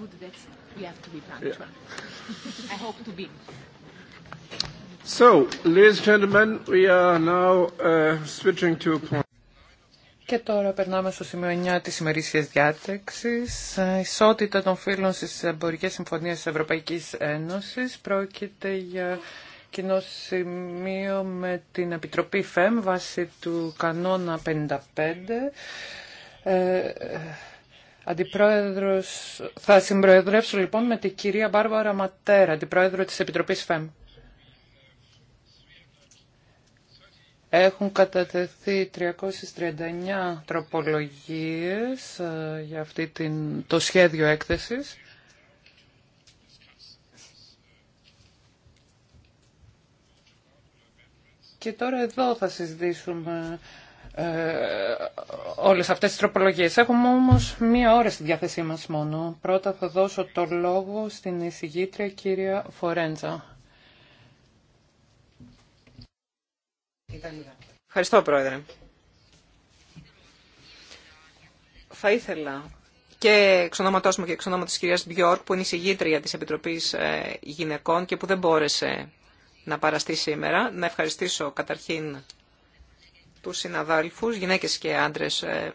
good that we have to be punctual. I hope to be. So, ladies and gentlemen, we are now uh, switching to a point. Και τώρα περνάμε στο σημείο 9 της ημερήσιας διάταξης. Ισότητα των φίλων στις εμπορικές συμφωνίες της Ευρωπαϊκής Ένωσης πρόκειται για κοινό σημείο με την Επιτροπή ΦΕΜ βάσει του κανόνα 55. Ε, Αντιπρόεδρος... Θα συμπροεδρεύσω λοιπόν με την κυρία Μπάρβαρα Ματέρα, αντιπρόεδρο της Επιτροπής ΦΕΜ. Έχουν κατατεθεί 339 τροπολογίες ε, για αυτή την, το σχέδιο έκθεσης. Και τώρα εδώ θα συζητήσουμε ε, όλες αυτές τις τροπολογίες. Έχουμε όμως μία ώρα στη διάθεσή μας μόνο. Πρώτα θα δώσω το λόγο στην εισηγήτρια κυρία Φορέντζα. Ευχαριστώ πρόεδρε. Θα ήθελα και εξ μου και εξ ονόματος της κυρίας Μπιόρκ που είναι εισηγήτρια της Επιτροπής ε, Γυναικών και που δεν μπόρεσε να παραστεί σήμερα να ευχαριστήσω καταρχήν τους συναδάλφους, γυναίκες και άντρες, ε,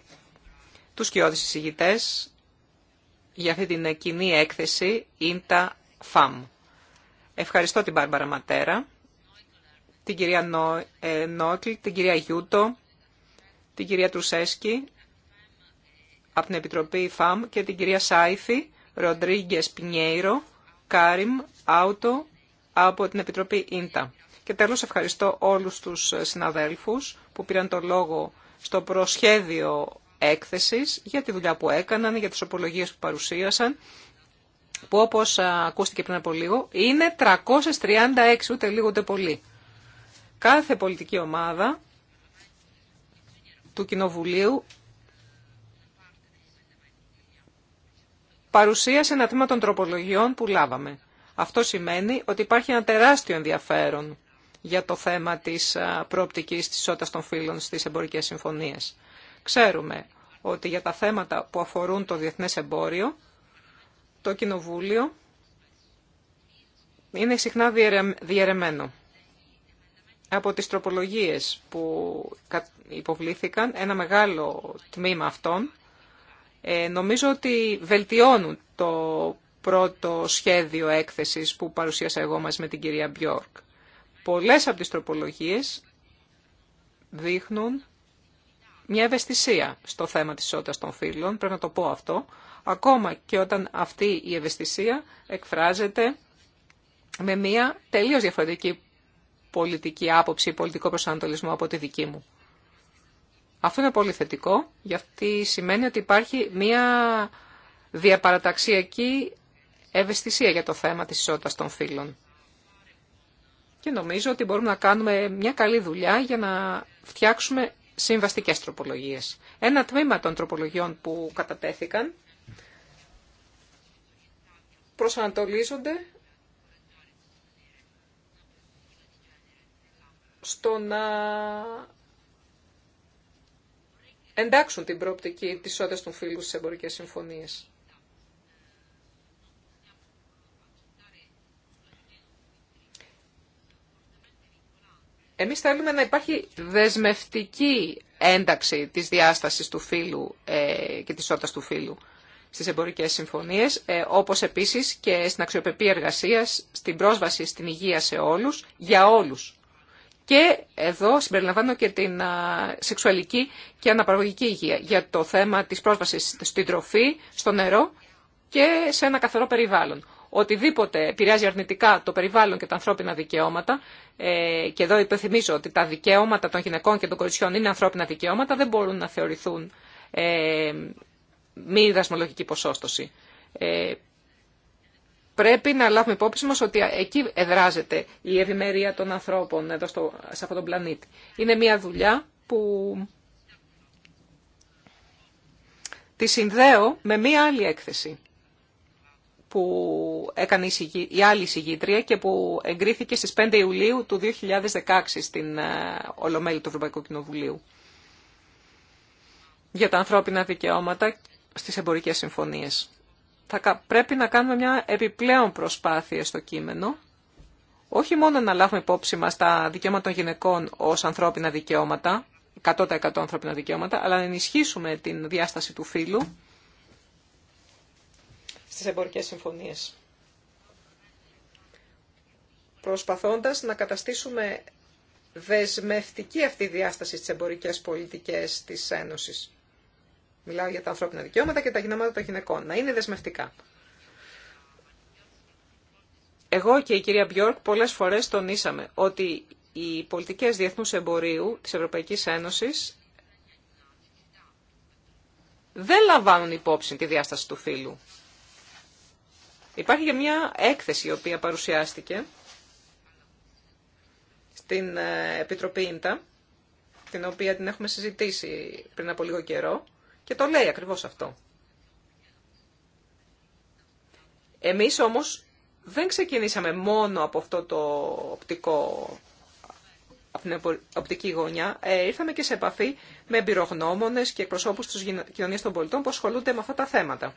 τους κοιόδης εισηγητές για αυτή την κοινή έκθεση Ίντα Φαμ. Ευχαριστώ την Μπάρμπαρα Ματέρα, την κυρία Νό, ε, Νόκλ, την κυρία Γιούτο, την κυρία Τρουσέσκη από την Επιτροπή ΦΑΜ και την κυρία Σάιφη, Ροντρίγκε Πινιέιρο, Κάριμ Άουτο από την Επιτροπή Ίντα. Και τέλος ευχαριστώ όλους τους συναδέλφους που πήραν το λόγο στο προσχέδιο έκθεσης για τη δουλειά που έκαναν, για τις οπολογίες που παρουσίασαν που όπως ακούστηκε πριν από λίγο είναι 336 ούτε λίγο ούτε πολύ. Κάθε πολιτική ομάδα του Κοινοβουλίου παρουσίασε ένα τμήμα των τροπολογιών που λάβαμε. Αυτό σημαίνει ότι υπάρχει ένα τεράστιο ενδιαφέρον για το θέμα της προοπτικής της ισότητας των φύλων στις εμπορικές συμφωνίες. Ξέρουμε ότι για τα θέματα που αφορούν το διεθνές εμπόριο, το Κοινοβούλιο είναι συχνά διαιρεμένο. Από τις τροπολογίες που υποβλήθηκαν, ένα μεγάλο τμήμα αυτών, ε, νομίζω ότι βελτιώνουν το πρώτο σχέδιο έκθεσης που παρουσίασα εγώ μαζί με την κυρία Μπιόρκ. Πολλές από τις τροπολογίες δείχνουν μια ευαισθησία στο θέμα της ισότητας των φύλων, πρέπει να το πω αυτό, ακόμα και όταν αυτή η ευαισθησία εκφράζεται με μια τελείως διαφορετική πολιτική άποψη, πολιτικό προσανατολισμό από τη δική μου. Αυτό είναι πολύ θετικό, γιατί σημαίνει ότι υπάρχει μια διαπαραταξιακή ευαισθησία για το θέμα της ισότητας των φύλων και νομίζω ότι μπορούμε να κάνουμε μια καλή δουλειά για να φτιάξουμε συμβαστικές τροπολογίες. Ένα τμήμα των τροπολογιών που κατατέθηκαν προσανατολίζονται στο να εντάξουν την πρόπτικη της όδες των φίλων στις εμπορικές συμφωνίες. Εμείς θέλουμε να υπάρχει δεσμευτική ένταξη της διάστασης του φύλου ε, και της ότας του φύλου στις εμπορικές συμφωνίες, ε, όπως επίσης και στην αξιοπεπή εργασία, στην πρόσβαση στην υγεία σε όλους, για όλους. Και εδώ συμπεριλαμβάνω και την σεξουαλική και αναπαραγωγική υγεία για το θέμα της πρόσβασης στην τροφή, στο νερό και σε ένα καθαρό περιβάλλον οτιδήποτε επηρεάζει αρνητικά το περιβάλλον και τα ανθρώπινα δικαιώματα, ε, και εδώ υπενθυμίζω ότι τα δικαιώματα των γυναικών και των κοριτσιών είναι ανθρώπινα δικαιώματα, δεν μπορούν να θεωρηθούν ε, μη δασμολογική ποσόστοση. Ε, πρέπει να λάβουμε υπόψη μας ότι εκεί εδράζεται η ευημερία των ανθρώπων εδώ στο, σε αυτόν τον πλανήτη. Είναι μια δουλειά που τη συνδέω με μια άλλη έκθεση που έκανε η άλλη συγγήτρια και που εγκρίθηκε στις 5 Ιουλίου του 2016 στην ε, Ολομέλη του Ευρωπαϊκού Κοινοβουλίου για τα ανθρώπινα δικαιώματα στις εμπορικές συμφωνίες. Θα πρέπει να κάνουμε μια επιπλέον προσπάθεια στο κείμενο, όχι μόνο να λάβουμε υπόψη μας τα δικαιώματα των γυναικών ως ανθρώπινα δικαιώματα, 100% ανθρώπινα δικαιώματα, αλλά να ενισχύσουμε την διάσταση του φύλου στις εμπορικές συμφωνίες. Προσπαθώντας να καταστήσουμε δεσμευτική αυτή η διάσταση στις εμπορικές πολιτικές της Ένωσης. Μιλάω για τα ανθρώπινα δικαιώματα και τα γυναίκα των γυναικών. Να είναι δεσμευτικά. Εγώ και η κυρία Μπιόρκ πολλές φορές τονίσαμε ότι οι πολιτικές διεθνούς εμπορίου της Ευρωπαϊκής Ένωσης δεν λαμβάνουν υπόψη τη διάσταση του φύλου. Υπάρχει και μια έκθεση η οποία παρουσιάστηκε στην ε, Επιτροπή Ίντα, την οποία την έχουμε συζητήσει πριν από λίγο καιρό και το λέει ακριβώς αυτό. Εμείς όμως δεν ξεκινήσαμε μόνο από αυτό το οπτικό, την οπτική γωνιά. Ε, ήρθαμε και σε επαφή με εμπειρογνώμονες και εκπροσώπους της κοινωνίας των πολιτών που ασχολούνται με αυτά τα θέματα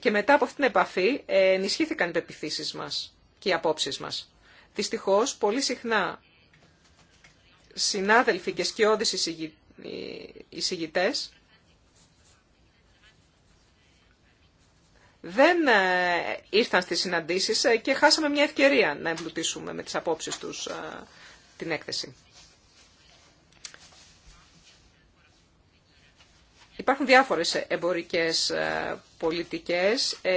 και μετά από αυτή την επαφή ε, ενισχύθηκαν οι πεπιθήσεις μας και οι απόψεις μας. Δυστυχώς, πολύ συχνά συνάδελφοι και σκιώδεις ε, εισηγητές δεν ε, ήρθαν στις συναντήσεις και χάσαμε μια ευκαιρία να εμπλουτίσουμε με τις απόψεις τους την έκθεση. Υπάρχουν διάφορες εμπορικές ε, πολιτικές ε,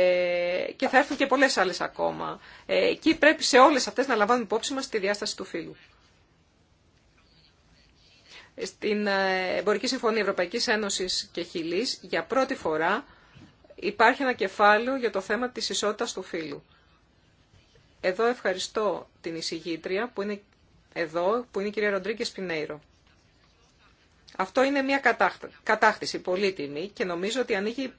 και θα έρθουν και πολλές άλλες ακόμα. Ε, εκεί πρέπει σε όλες αυτές να λαμβάνουμε υπόψη μας τη διάσταση του φύλου. Στην Εμπορική Συμφωνία Ευρωπαϊκής Ένωσης και Χιλής για πρώτη φορά υπάρχει ένα κεφάλαιο για το θέμα της ισότητας του φύλου. Εδώ ευχαριστώ την εισηγήτρια που είναι εδώ, που είναι η κυρία Ροντρίκη Σπινέιρο. Αυτό είναι μια κατάκτηση πολύτιμη και νομίζω ότι ανοίγει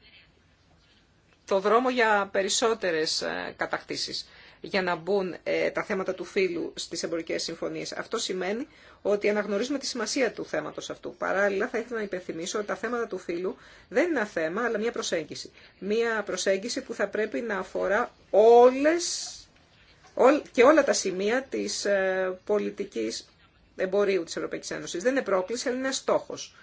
το δρόμο για περισσότερες ε, κατακτήσεις για να μπουν ε, τα θέματα του φύλου στις εμπορικές συμφωνίες. Αυτό σημαίνει ότι αναγνωρίζουμε τη σημασία του θέματος αυτού. Παράλληλα, θα ήθελα να υπενθυμίσω ότι τα θέματα του φύλου δεν είναι ένα θέμα, αλλά μια προσέγγιση. Μια προσέγγιση που θα πρέπει να αφορά όλες και όλα τα σημεία της ε, πολιτικής εμπορίου της Ευρωπαϊκής Ένωσης. Δεν είναι πρόκληση, αλλά είναι στόχος.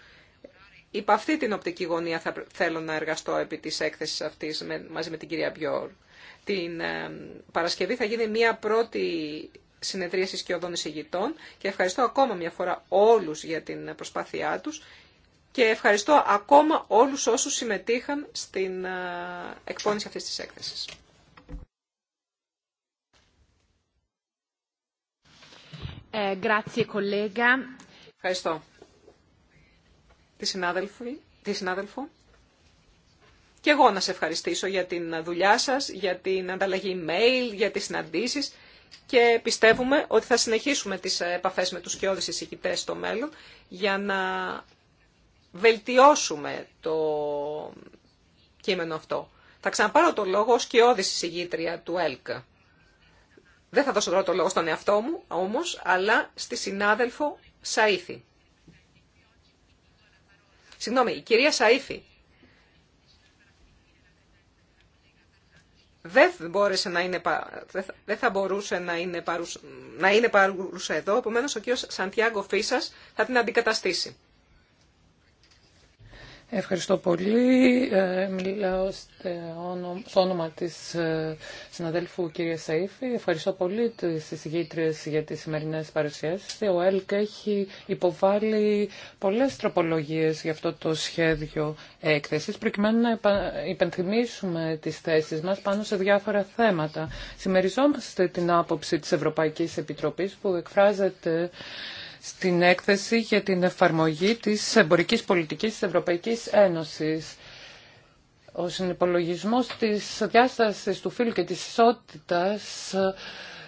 Υπ' αυτή την οπτική γωνία θα θέλω να εργαστώ επί της έκθεσης αυτής μαζί με την κυρία Μπιόρ. Την ε, Παρασκευή θα γίνει μια πρώτη συνεδρίαση σκιωδών εισηγητών και ευχαριστώ ακόμα μια φορά όλους για την προσπάθειά τους και ευχαριστώ ακόμα όλους όσους συμμετείχαν στην ε, εκπόνηση αυτής της έκθεσης. Ε, Ευχαριστώ. Τη, συνάδελφη, τη συνάδελφο. Και εγώ να σε ευχαριστήσω για την δουλειά σας, για την ανταλλαγή email, για τις συναντήσεις και πιστεύουμε ότι θα συνεχίσουμε τις επαφές με τους κοιόδης εισηγητές στο μέλλον για να βελτιώσουμε το κείμενο αυτό. Θα ξαναπάρω το λόγο ως κοιόδης εισηγήτρια του ΕΛΚΑ. Δεν θα δώσω τώρα το λόγο στον εαυτό μου, όμως, αλλά στη συνάδελφο Σαΐφη. Συγγνώμη, η κυρία Σαΐθη. Δεν, να είναι, θα μπορούσε να είναι, παρούσα, να είναι εδώ, οπόμενος ο κύριος Σαντιάγκο Φίσας θα την αντικαταστήσει. Ευχαριστώ πολύ. Ε, μιλάω στο όνομα της ε, συναδέλφου κυρία Σαΐφη. Ευχαριστώ πολύ τις συγγήτρες για τις σημερινές παρουσιάσεις. Ο ΕΛΚ έχει υποβάλει πολλές τροπολογίες για αυτό το σχέδιο έκθεσης προκειμένου να υπενθυμίσουμε τις θέσεις μας πάνω σε διάφορα θέματα. Συμμεριζόμαστε την άποψη της Ευρωπαϊκής Επιτροπής που εκφράζεται στην έκθεση για την εφαρμογή της εμπορικής πολιτικής της Ευρωπαϊκής Ένωσης. Ο συνυπολογισμός της διάστασης του φύλου και της ισότητας ε,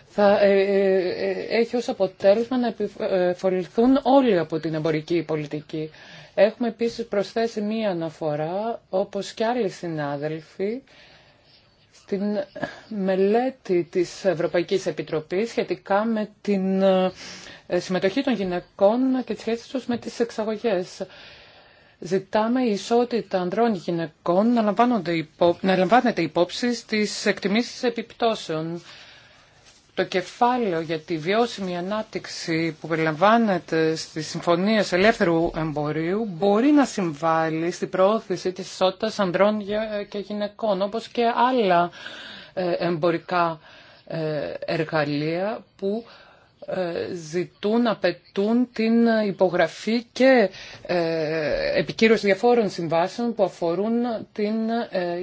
θα ε, ε, έχει ως αποτέλεσμα να επιφορηθούν όλοι από την εμπορική πολιτική. Έχουμε επίσης προσθέσει μία αναφορά, όπως και άλλοι συνάδελφοι, στην μελέτη της Ευρωπαϊκής Επιτροπής σχετικά με την ε, συμμετοχή των γυναικών και τις σχέσεις τους με τις εξαγωγές. Ζητάμε η ισότητα ανδρών γυναικών να, υπό... να λαμβάνεται υπόψη στις εκτιμήσεις επιπτώσεων το κεφάλαιο για τη βιώσιμη ανάπτυξη που περιλαμβάνεται στι συμφωνίε ελεύθερου εμπορίου μπορεί να συμβάλλει στην προώθηση της ισότητα ανδρών και γυναικών, όπω και άλλα ε, εμπορικά ε, εργαλεία που ε, ζητούν, απαιτούν την υπογραφή και επικύρωση διαφόρων συμβάσεων που αφορούν την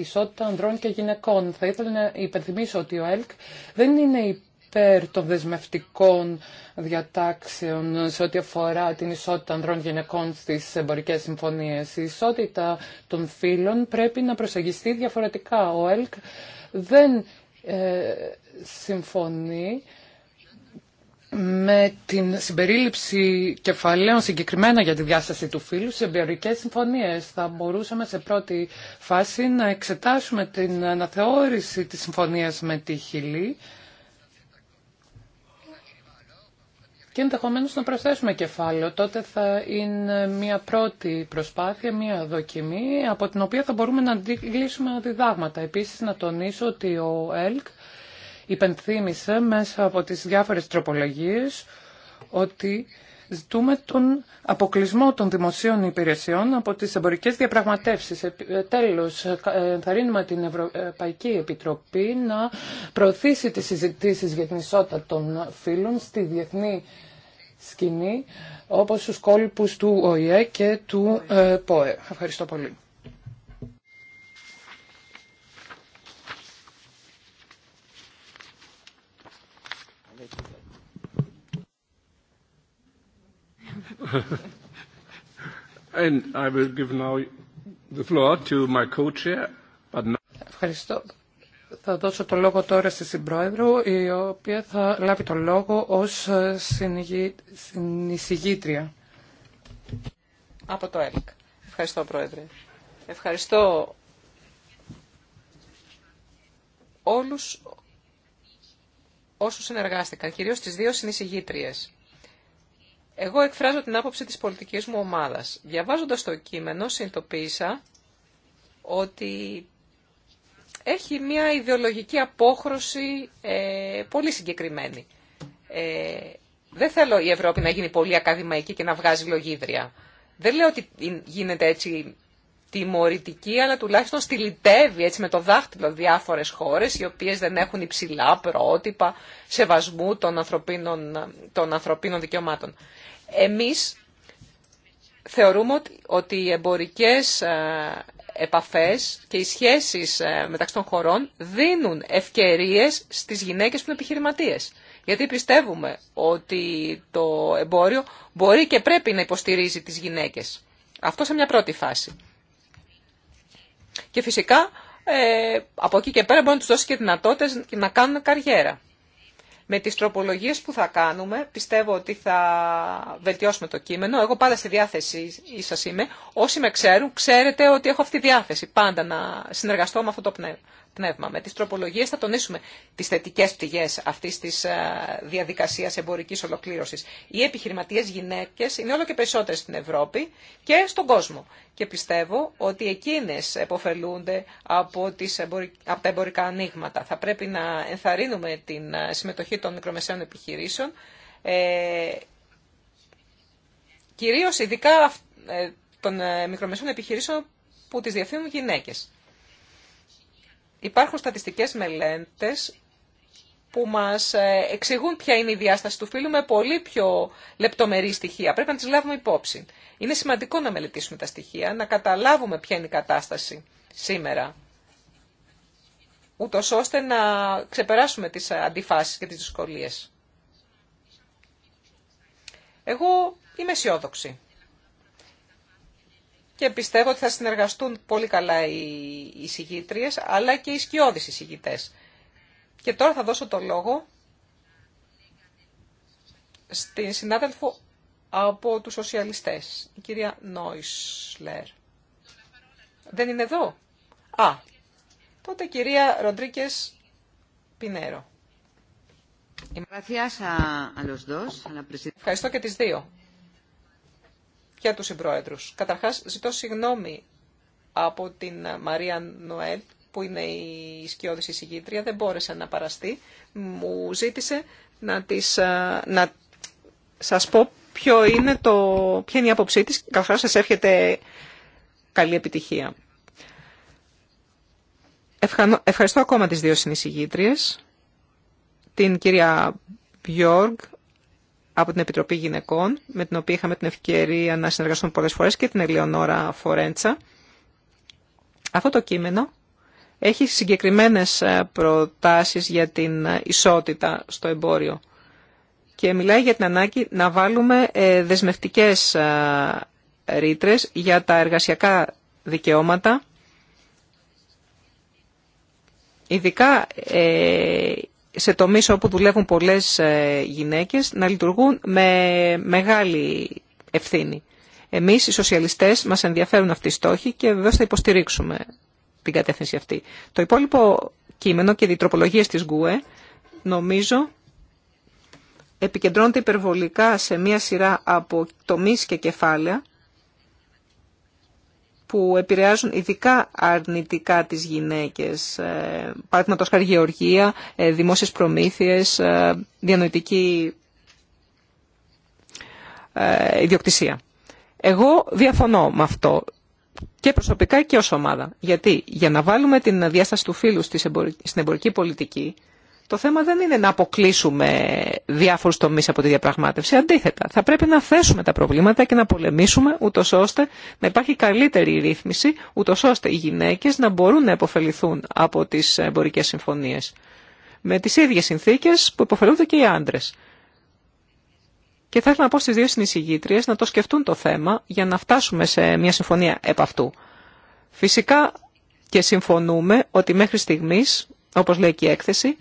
ισότητα ανδρών και γυναικών. Θα ήθελα να υπενθυμίσω ότι ο ΕΛΚ δεν είναι υπέρ των δεσμευτικών διατάξεων σε ό,τι αφορά την ισότητα ανδρών γυναικών στις εμπορικές συμφωνίες. Η ισότητα των φύλων πρέπει να προσεγγιστεί διαφορετικά. Ο ΕΛΚ δεν ε, συμφωνεί με την συμπερίληψη κεφαλαίων συγκεκριμένα για τη διάσταση του φύλου σε εμπειρικές συμφωνίες. Θα μπορούσαμε σε πρώτη φάση να εξετάσουμε την αναθεώρηση της συμφωνίας με τη Χιλή και ενδεχομένω να προσθέσουμε κεφάλαιο. Τότε θα είναι μια πρώτη προσπάθεια, μια δοκιμή, από την οποία θα μπορούμε να αντιλήσουμε διδάγματα. Επίσης να τονίσω ότι ο ΕΛΚ υπενθύμησε μέσα από τις διάφορες τροπολογίες ότι ζητούμε τον αποκλεισμό των δημοσίων υπηρεσιών από τις εμπορικές διαπραγματεύσεις. Ε, τέλος, ε, θα την Ευρωπαϊκή Επιτροπή να προωθήσει τις συζητήσεις για την ισότητα των φύλων στη διεθνή σκηνή, όπως στους κόλπους του ΟΗΕ και του ε, ΠΟΕ. Ευχαριστώ πολύ. Ευχαριστώ. Θα δώσω το λόγο τώρα στη Συμπρόεδρο, η οποία θα λάβει το λόγο ως ε, συνεισηγήτρια. Από το ΕΛΚ. Ευχαριστώ, Πρόεδρε. Ευχαριστώ όλους όσους συνεργάστηκαν, κυρίως τις δύο συνεισηγήτριες. Εγώ εκφράζω την άποψη της πολιτικής μου ομάδας. Διαβάζοντας το κείμενο συνειδητοποίησα ότι έχει μια ιδεολογική απόχρωση ε, πολύ συγκεκριμένη. Ε, δεν θέλω η Ευρώπη να γίνει πολύ ακαδημαϊκή και να βγάζει λογίδρια. Δεν λέω ότι γίνεται έτσι τιμωρητική, αλλά τουλάχιστον στυλιτεύει έτσι με το δάχτυλο διάφορες χώρες, οι οποίες δεν έχουν υψηλά πρότυπα σεβασμού των ανθρωπίνων, των ανθρωπίνων δικαιωμάτων. Εμείς θεωρούμε ότι, ότι οι εμπορικές ε, επαφές και οι σχέσεις ε, μεταξύ των χωρών δίνουν ευκαιρίες στις γυναίκες που είναι επιχειρηματίες. Γιατί πιστεύουμε ότι το εμπόριο μπορεί και πρέπει να υποστηρίζει τις γυναίκες. Αυτό σε μια πρώτη φάση. Και φυσικά ε, από εκεί και πέρα μπορεί να τους δώσει και δυνατότητε να κάνουν καριέρα. Με τις τροπολογίες που θα κάνουμε, πιστεύω ότι θα βελτιώσουμε το κείμενο. Εγώ πάντα στη διάθεση σα είμαι. Όσοι με ξέρουν, ξέρετε ότι έχω αυτή τη διάθεση πάντα να συνεργαστώ με αυτό το πνεύμα πνεύμα. Με τις τροπολογίες θα τονίσουμε τις θετικές πτυχές αυτής της διαδικασίας εμπορικής ολοκλήρωσης. Οι επιχειρηματίες γυναίκες είναι όλο και περισσότερες στην Ευρώπη και στον κόσμο. Και πιστεύω ότι εκείνες εποφελούνται από, τις από τα εμπορικά ανοίγματα. Θα πρέπει να ενθαρρύνουμε την συμμετοχή των μικρομεσαίων επιχειρήσεων, ε, κυρίως ειδικά ε, των ε, μικρομεσαίων επιχειρήσεων που τις διευθύνουν γυναίκες. Υπάρχουν στατιστικές μελέτες που μας ε, εξηγούν ποια είναι η διάσταση του φύλου με πολύ πιο λεπτομερή στοιχεία. Πρέπει να τις λάβουμε υπόψη. Είναι σημαντικό να μελετήσουμε τα στοιχεία, να καταλάβουμε ποια είναι η κατάσταση σήμερα, ούτως ώστε να ξεπεράσουμε τις αντιφάσεις και τις δυσκολίες. Εγώ είμαι αισιόδοξη και πιστεύω ότι θα συνεργαστούν πολύ καλά οι συγγήτριες, αλλά και οι σκιώδεις συγγητές. Και τώρα θα δώσω το λόγο στην συνάδελφο από τους σοσιαλιστές, η κυρία Νόισλερ. Δεν είναι εδώ. Α, τότε κυρία Ροντρίκες Πινέρο. Ευχαριστώ και τις δύο για τους συμπρόεδρους. Καταρχάς, ζητώ συγγνώμη από την Μαρία Νοέλ, που είναι η σκιώδη εισηγήτρια, δεν μπόρεσε να παραστεί. Μου ζήτησε να, της, να σας πω ποιο είναι το, ποια είναι η άποψή της. Καθώς σας εύχεται καλή επιτυχία. Ευχαριστώ ακόμα τις δύο συνεισηγήτριες, την κυρία Γιώργκ από την Επιτροπή Γυναικών, με την οποία είχαμε την ευκαιρία να συνεργαστούμε πολλές φορές και την Ελεονόρα Φορέντσα. Αυτό το κείμενο έχει συγκεκριμένες ε, προτάσεις για την ε, ισότητα στο εμπόριο και μιλάει για την ανάγκη να βάλουμε ε, δεσμευτικές ρήτρε για τα εργασιακά δικαιώματα, ειδικά σε τομείς όπου δουλεύουν πολλές ε, γυναίκες να λειτουργούν με μεγάλη ευθύνη. Εμείς οι σοσιαλιστές μας ενδιαφέρουν αυτοί οι στόχοι και βεβαίως θα υποστηρίξουμε την κατεύθυνση αυτή. Το υπόλοιπο κείμενο και οι τροπολογίες της ΓΚΟΕ νομίζω επικεντρώνεται υπερβολικά σε μία σειρά από τομείς και κεφάλαια που επηρεάζουν ειδικά αρνητικά τις γυναίκες. Ε, παραδείγματος χάρη γεωργία, ε, δημόσιες προμήθειες, ε, διανοητική ιδιοκτησία. Εγώ διαφωνώ με αυτό και προσωπικά και ως ομάδα. Γιατί για να βάλουμε την διάσταση του φύλου στην εμπορική πολιτική το θέμα δεν είναι να αποκλείσουμε διάφορους τομείς από τη διαπραγμάτευση. Αντίθετα, θα πρέπει να θέσουμε τα προβλήματα και να πολεμήσουμε ούτως ώστε να υπάρχει καλύτερη ρύθμιση, ούτως ώστε οι γυναίκες να μπορούν να υποφεληθούν από τις εμπορικές συμφωνίες. Με τις ίδιες συνθήκες που υποφελούνται και οι άντρες. Και θα ήθελα να πω στις δύο συνεισηγήτριες να το σκεφτούν το θέμα για να φτάσουμε σε μια συμφωνία επ' αυτού. Φυσικά και συμφωνούμε ότι μέχρι στιγμής, όπως λέει και η έκθεση,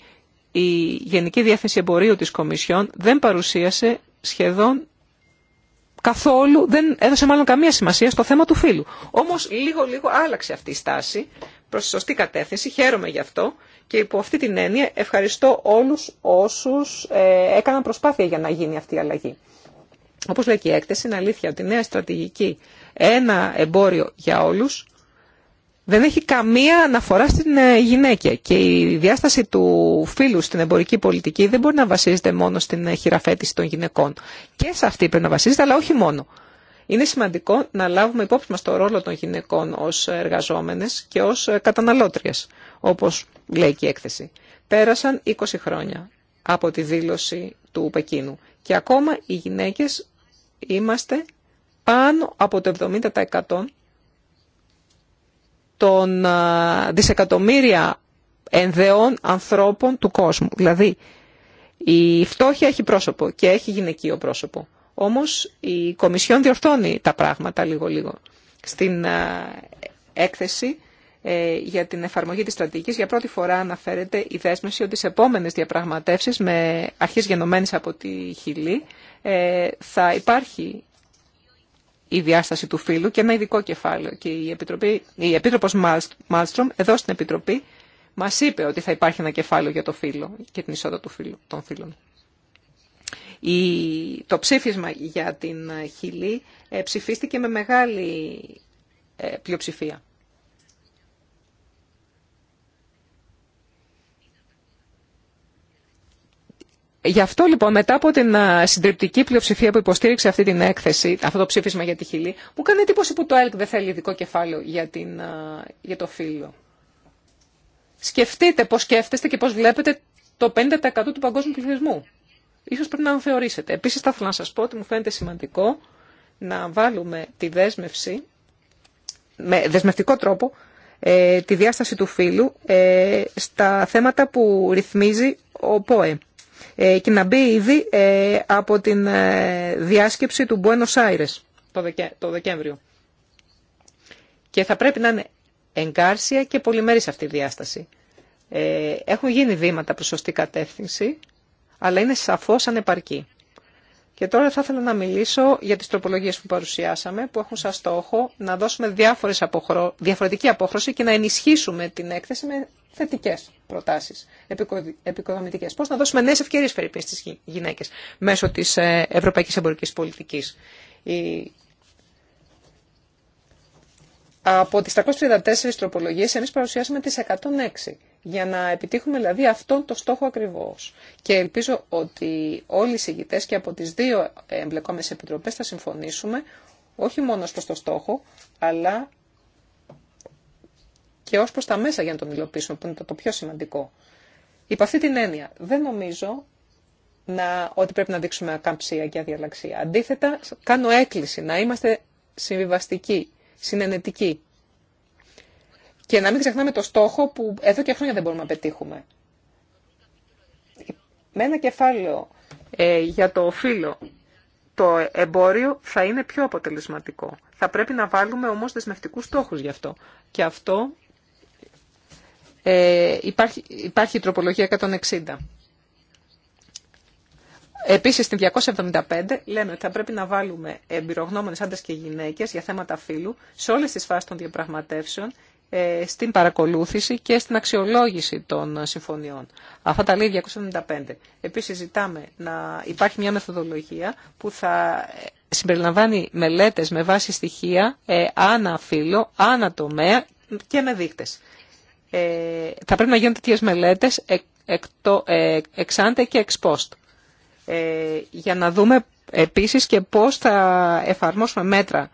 η Γενική Διεύθυνση Εμπορίου της Κομισιόν δεν παρουσίασε σχεδόν καθόλου, δεν έδωσε μάλλον καμία σημασία στο θέμα του φύλου. Όμως λίγο-λίγο άλλαξε αυτή η στάση προς τη σωστή κατεύθυνση, χαίρομαι γι' αυτό και υπό αυτή την έννοια ευχαριστώ όλους όσους ε, έκαναν προσπάθεια για να γίνει αυτή η αλλαγή. Όπως λέει και η έκθεση, είναι αλήθεια ότι η νέα στρατηγική ένα εμπόριο για όλους δεν έχει καμία αναφορά στην ε, γυναίκα και η διάσταση του φύλου στην εμπορική πολιτική δεν μπορεί να βασίζεται μόνο στην ε, χειραφέτηση των γυναικών. Και σε αυτή πρέπει να βασίζεται, αλλά όχι μόνο. Είναι σημαντικό να λάβουμε υπόψη μας το ρόλο των γυναικών ως εργαζόμενες και ως ε, καταναλώτριες, όπως λέει και η έκθεση. Πέρασαν 20 χρόνια από τη δήλωση του Πεκίνου και ακόμα οι γυναίκες είμαστε πάνω από το 70% των ε, δισεκατομμύρια ενδεών ανθρώπων του κόσμου. Δηλαδή, η φτώχεια έχει πρόσωπο και έχει γυναικείο πρόσωπο. Όμως η Κομισιόν διορθώνει τα πράγματα λίγο-λίγο. Στην ε, έκθεση ε, για την εφαρμογή της στρατηγικής για πρώτη φορά αναφέρεται η δέσμευση ότι σε επόμενες διαπραγματεύσεις με αρχές γενομένες από τη Χιλή θα υπάρχει η διάσταση του φύλου και ένα ειδικό κεφάλαιο. Και η, Επιτροπή, η Επίτροπος Μάλστρομ εδώ στην Επιτροπή μας είπε ότι θα υπάρχει ένα κεφάλαιο για το φύλο και την ισότητα του φύλου, των φύλων. Η, το ψήφισμα για την Χιλή ε, ψηφίστηκε με μεγάλη ε, πλειοψηφία. Γι' αυτό λοιπόν μετά από την συντριπτική πλειοψηφία που υποστήριξε αυτή την έκθεση, αυτό το ψήφισμα για τη Χιλή, μου κάνει εντύπωση που το ΕΛΚ δεν θέλει ειδικό κεφάλαιο για, την, για το φύλλο. Σκεφτείτε πώς σκέφτεστε και πώς βλέπετε το 50% του παγκόσμιου πληθυσμού. Ίσως πρέπει να θεωρήσετε. Επίσης θα ήθελα να σας πω ότι μου φαίνεται σημαντικό να βάλουμε τη δέσμευση, με δεσμευτικό τρόπο, ε, τη διάσταση του φύλου ε, στα θέματα που ρυθμίζει ο ΠΟΕ. Ε, και να μπει ήδη ε, από την ε, διάσκεψη του Buenos Aires το Δεκέμβριο. Και θα πρέπει να είναι εγκάρσια και πολυμερής αυτή η διάσταση. Έχουν γίνει βήματα προς σωστή κατεύθυνση, αλλά είναι σαφώς ανεπαρκή. Και τώρα θα ήθελα να μιλήσω για τις τροπολογίες που παρουσιάσαμε, που έχουν σαν στόχο να δώσουμε διάφορες αποχρω... διαφορετική απόχρωση και να ενισχύσουμε την έκθεση με θετικές προτάσεις επικοδομητικές. Πώς να δώσουμε νέες ευκαιρίες φερειπίνες στις γυναίκες μέσω της ε, ευρωπαϊκής εμπορικής πολιτικής. Από τις 334 τροπολογίες εμείς παρουσιάσαμε τις 106 για να επιτύχουμε δηλαδή αυτόν τον στόχο ακριβώς. Και ελπίζω ότι όλοι οι συγκητές και από τις δύο εμπλεκόμενες επιτροπές θα συμφωνήσουμε όχι μόνο προς το στόχο αλλά και ως προς τα μέσα για να τον υλοποιήσουμε που είναι το πιο σημαντικό. Υπ' αυτή την έννοια δεν νομίζω να, ότι πρέπει να δείξουμε ακαμψία και αδιαλαξία. Αντίθετα κάνω έκκληση να είμαστε συμβιβαστικοί συνενετική. Και να μην ξεχνάμε το στόχο που εδώ και χρόνια δεν μπορούμε να πετύχουμε. Με ένα κεφάλαιο ε, για το φύλλο, το εμπόριο θα είναι πιο αποτελεσματικό. Θα πρέπει να βάλουμε όμως δεσμευτικούς στόχους γι' αυτό. Και αυτό ε, υπάρχει, υπάρχει η τροπολογία 160. Επίσης, στην 275 λένε ότι θα πρέπει να βάλουμε εμπειρογνώμονες άντρες και γυναίκες για θέματα φύλου σε όλες τις φάσεις των διαπραγματεύσεων, ε, στην παρακολούθηση και στην αξιολόγηση των συμφωνιών. Αυτά τα λέει 275. Επίσης, ζητάμε να υπάρχει μια μεθοδολογία που θα ε, συμπεριλαμβάνει μελέτες με βάση στοιχεία ε, άνα φύλο, άνα τομέα και με δείκτες. θα πρέπει να γίνονται τέτοιε μελέτες και εξ ε, για να δούμε επίσης και πώς θα εφαρμόσουμε μέτρα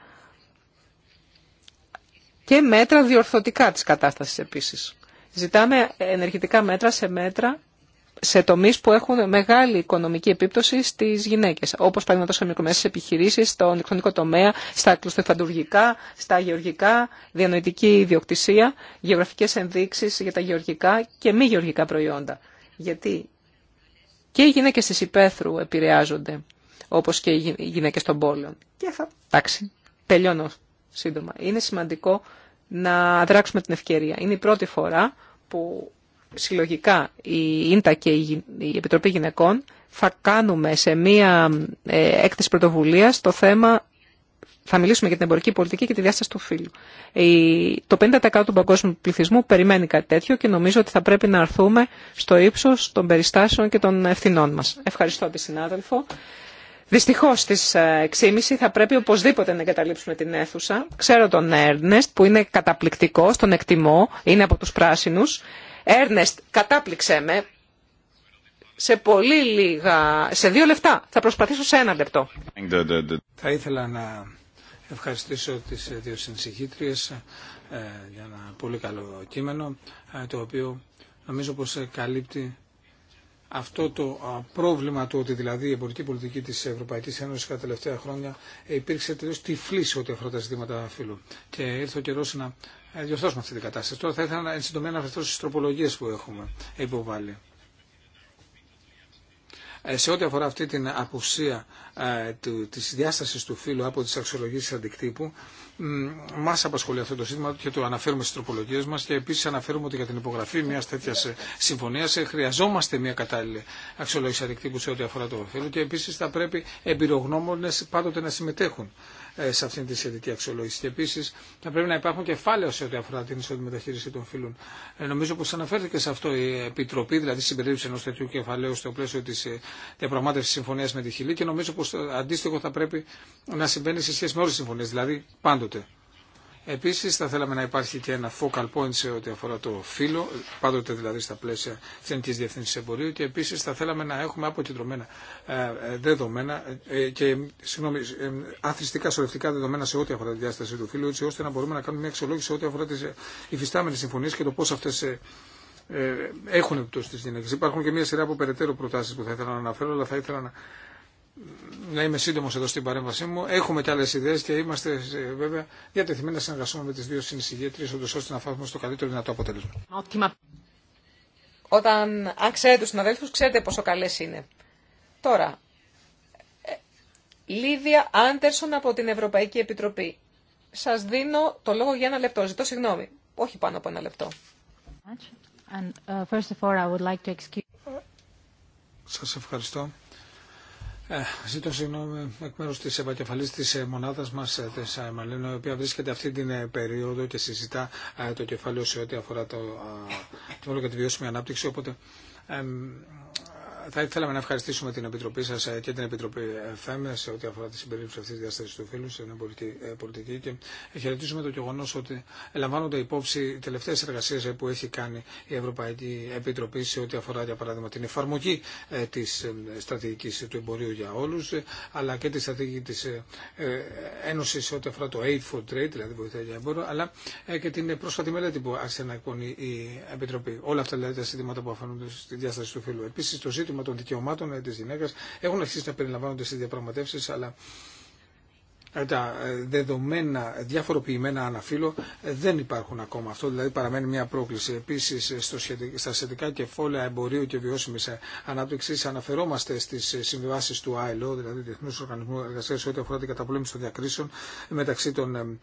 και μέτρα διορθωτικά της κατάστασης επίσης. Ζητάμε ενεργητικά μέτρα σε μέτρα σε τομεί που έχουν μεγάλη οικονομική επίπτωση στι γυναίκε. Όπω παραδείγματο σε μικρομεσαίε επιχειρήσει, στον ηλεκτρονικό τομέα, στα κλωστοφαντουργικά, στα γεωργικά, διανοητική ιδιοκτησία, γεωγραφικέ ενδείξει για τα γεωργικά και μη γεωργικά προϊόντα. Γιατί και οι γυναίκες της υπαίθρου επηρεάζονται, όπως και οι γυναίκες των πόλεων. Και θα, εντάξει, τελειώνω σύντομα. Είναι σημαντικό να δράξουμε την ευκαιρία. Είναι η πρώτη φορά που συλλογικά η ΙΝΤΑ και η Επιτροπή Γυναικών θα κάνουμε σε μία ε, έκθεση πρωτοβουλίας το θέμα θα μιλήσουμε για την εμπορική πολιτική και τη διάσταση του φύλου. Το 50% του παγκόσμιου πληθυσμού περιμένει κάτι τέτοιο και νομίζω ότι θα πρέπει να αρθούμε στο ύψο των περιστάσεων και των ευθυνών μα. Ευχαριστώ τη συνάδελφο. Δυστυχώ στι 6.30 ε, θα πρέπει οπωσδήποτε να εγκαταλείψουμε την αίθουσα. Ξέρω τον Έρνεστ που είναι καταπληκτικό, τον εκτιμώ, είναι από του πράσινου. Έρνεστ, κατάπληξε με. Σε πολύ λίγα, σε δύο λεπτά. Θα προσπαθήσω σε ένα λεπτό. Θα ήθελα να ευχαριστήσω τις ε, δύο ε, για ένα πολύ καλό κείμενο, ε, το οποίο νομίζω πως ε, καλύπτει αυτό το πρόβλημα του ότι δηλαδή η εμπορική πολιτική της Ευρωπαϊκής Ένωσης κατά τελευταία χρόνια υπήρξε τελείως τυφλή σε ό,τι αφορά τα ζητήματα φύλου. Και ήρθε ο καιρός να διορθώσουμε αυτή την κατάσταση. Τώρα θα ήθελα να συντομία να αναφερθώ στις τροπολογίες που έχουμε υποβάλει. Σε ό,τι αφορά αυτή την απουσία ε, τη της διάστασης του φύλου από τις αξιολογήσεις αντικτύπου Μα απασχολεί αυτό το ζήτημα και το αναφέρουμε στι τροπολογίε μα και επίση αναφέρουμε ότι για την υπογραφή μια τέτοια ε, συμφωνία ε, χρειαζόμαστε μια κατάλληλη αξιολόγηση αντικτύπου σε ό,τι αφορά το φύλλο και επίση θα πρέπει εμπειρογνώμονε πάντοτε να συμμετέχουν σε αυτήν τη σχετική αξιολόγηση. Και επίση θα πρέπει να υπάρχουν κεφάλαια σε ό,τι αφορά την ισότητα μεταχείριση των φύλων. νομίζω πω αναφέρθηκε σε αυτό η Επιτροπή, δηλαδή περίπτωση ενό τέτοιου κεφαλαίου στο πλαίσιο τη διαπραγμάτευση συμφωνία με τη Χιλή και νομίζω πω αντίστοιχο θα πρέπει να συμβαίνει σε σχέση με όλε τι συμφωνίε, δηλαδή πάντοτε. Επίση, θα θέλαμε να υπάρχει και ένα focal point σε ό,τι αφορά το φύλλο, πάντοτε δηλαδή στα πλαίσια τη Ελληνική Διευθύνση Εμπορίου και επίση θα θέλαμε να έχουμε αποκεντρωμένα ε, ε, δεδομένα ε, και συγγνώμη, αθρηστικά σωρευτικά δεδομένα σε ό,τι αφορά τη διάσταση του φύλλου, έτσι ώστε να μπορούμε να κάνουμε μια αξιολόγηση σε ό,τι αφορά τι υφιστάμενε συμφωνίε και το πώ αυτέ έχουν επιπτώσει στι γυναίκε. Υπάρχουν και μια σειρά από περαιτέρω προτάσει που θα ήθελα να αναφέρω, αλλά θα ήθελα να να είμαι σύντομο εδώ στην παρέμβασή μου. Έχουμε και άλλε ιδέε και είμαστε ε, βέβαια διατεθειμένοι να συνεργαστούμε με τι δύο συνεισηγήτριε, ούτω ώστε να φάσουμε στο καλύτερο δυνατό αποτέλεσμα. Όταν, αν ξέρετε του συναδέλφου, ξέρετε πόσο καλέ είναι. Τώρα, ε, Λίδια Άντερσον από την Ευρωπαϊκή Επιτροπή. Σα δίνω το λόγο για ένα λεπτό. Ζητώ συγγνώμη. Όχι πάνω από ένα λεπτό. Uh, like Σας ευχαριστώ. Ε, Ζήτω συγγνώμη εκ μέρου τη επακεφαλή τη ε, μονάδα μα, ε, τη η οποία βρίσκεται αυτή την περίοδο και συζητά το κεφάλαιο σε ό,τι αφορά το όλο και τη βιώσιμη ανάπτυξη. Οπότε θα ήθελαμε να ευχαριστήσουμε την Επιτροπή σας ε, και την Επιτροπή ΦΕΜΕ σε ό,τι αφορά τη συμπερίληψη αυτής της διάσταση του φίλου στην μια ε, πολιτική και χαιρετίζουμε το γεγονός ότι λαμβάνονται υπόψη οι τελευταίες εργασίες ε, που έχει κάνει η Ευρωπαϊκή Επιτροπή σε ό,τι αφορά για παράδειγμα την εφαρμογή της στρατηγικής του εμπορίου για όλους αλλά και τη στρατηγική της Ένωσης σε ό,τι αφορά το Aid for Trade, δηλαδή βοήθεια για εμπόριο, αλλά και την πρόσφατη μελέτη που άρχισε να εκπονεί η Επιτροπή. Όλα αυτά δηλαδή τα ζητήματα που αφορούν στη διάσταση του φίλου. Επίση, το ζήτημα ζήτημα των δικαιωμάτων ε, τη γυναίκα έχουν αρχίσει να περιλαμβάνονται στι διαπραγματεύσει, αλλά ε, τα ε, δεδομένα διαφοροποιημένα αναφύλλω ε, δεν υπάρχουν ακόμα. Αυτό δηλαδή παραμένει μια πρόκληση. Επίση, στα σχετικά κεφόλαια εμπορίου και βιώσιμη ανάπτυξη αναφερόμαστε στι συμβιβάσει του ILO, δηλαδή του Διεθνού Οργανισμού Εργασία, ό,τι αφορά την καταπολέμηση των διακρίσεων μεταξύ των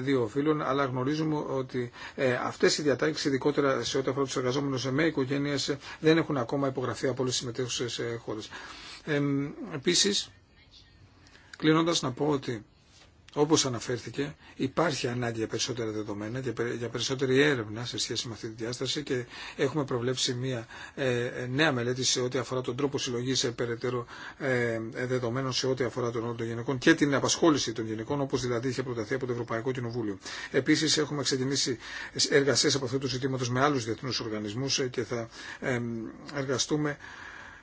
δύο φύλων. Αλλά γνωρίζουμε ότι αυτέ οι διατάξει, ειδικότερα σε ό,τι αφορά του εργαζόμενου με οικογένειε, δεν έχουν ακόμα υπογραφεί από όλε τι συμμετέχουσε χώρε. Επίσης, Κλείνοντα να πω ότι όπω αναφέρθηκε, υπάρχει ανάγκη για περισσότερα δεδομένα για περισσότερη έρευνα σε σχέση με αυτή τη διάσταση και έχουμε προβλέψει μια ε, ε, νέα μελέτη σε ό,τι αφορά τον τρόπο συλλογή ε, περαιτέρω δεδομένων σε ό,τι αφορά τον όρο των γυναικών και την απασχόληση των γυναικών, όπω δηλαδή είχε προταθεί από το Ευρωπαϊκό Κοινοβούλιο. Επίση, έχουμε ξεκινήσει εργασίε από αυτού του ζητήματο με άλλου διεθνού οργανισμού και θα εργαστούμε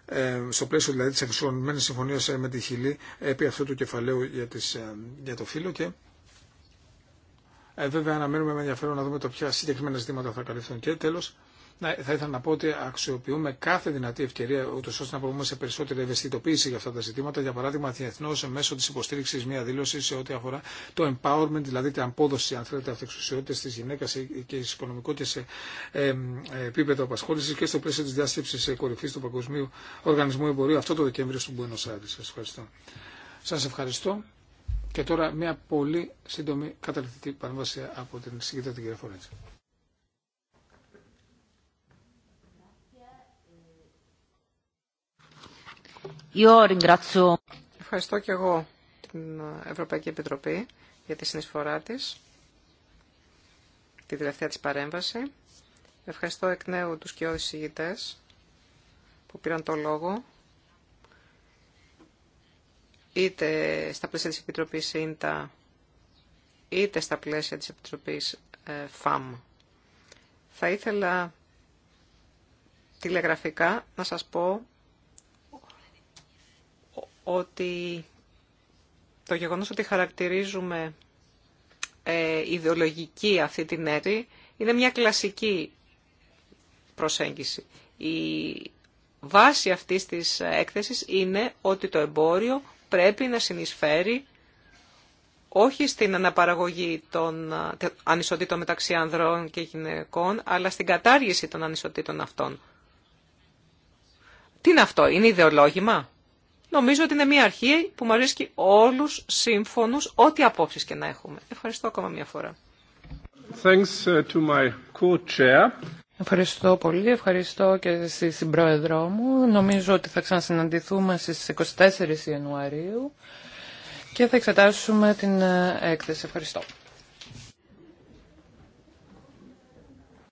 ε, στο πλαίσιο δηλαδή της εξοργανωμένης συμφωνίας ε, με τη Χιλή επί αυτού του κεφαλαίου ε, για, το φύλλο και ε, βέβαια αναμένουμε με ενδιαφέρον να δούμε το ποια συγκεκριμένα ζητήματα θα καλυφθούν. Και τέλος, ναι, θα ήθελα να πω ότι αξιοποιούμε κάθε δυνατή ευκαιρία ούτω ώστε να προβούμε σε περισσότερη ευαισθητοποίηση για αυτά τα ζητήματα. Για παράδειγμα, διεθνώ μέσω τη υποστήριξη μια δήλωση σε ό,τι αφορά το empowerment, δηλαδή την απόδοση, αν θέλετε, αυτεξουσιότητα τη γυναίκα και σε οικονομικό και σε επίπεδο απασχόληση και στο πλαίσιο τη διάσκεψη κορυφή του Παγκοσμίου Οργανισμού Εμπορίου αυτό το Δεκέμβριο στον Πουένο Άρη. Σα ευχαριστώ. ευχαριστώ. Και τώρα μια πολύ σύντομη καταληκτική παρέμβαση από την συγκεκριμένη κυρία Ευχαριστώ και εγώ την Ευρωπαϊκή Επιτροπή για τη συνεισφορά της, τη τελευταία της παρέμβαση. Ευχαριστώ εκ νέου τους και όλους που πήραν το λόγο, είτε στα πλαίσια της Επιτροπής ΙΝΤΑ, είτε στα πλαίσια της Επιτροπής ε, ΦΑΜ. Θα ήθελα τηλεγραφικά να σας πω ότι το γεγονός ότι χαρακτηρίζουμε ε, ιδεολογική αυτή την έρη είναι μια κλασική προσέγγιση. Η βάση αυτής της έκθεσης είναι ότι το εμπόριο πρέπει να συνεισφέρει όχι στην αναπαραγωγή των ανισοτήτων μεταξύ ανδρών και γυναικών, αλλά στην κατάργηση των ανισοτήτων αυτών. Τι είναι αυτό, είναι ιδεολόγημα. Νομίζω ότι είναι μια αρχή που μου βρίσκει όλους σύμφωνους, ό,τι απόψεις και να έχουμε. Ευχαριστώ ακόμα μια φορά. Thanks uh, to my co-chair. Ευχαριστώ πολύ, ευχαριστώ και στη συμπρόεδρό μου. Νομίζω ότι θα ξανασυναντηθούμε στις 24 Ιανουαρίου και θα εξετάσουμε την ε, έκθεση. Ευχαριστώ.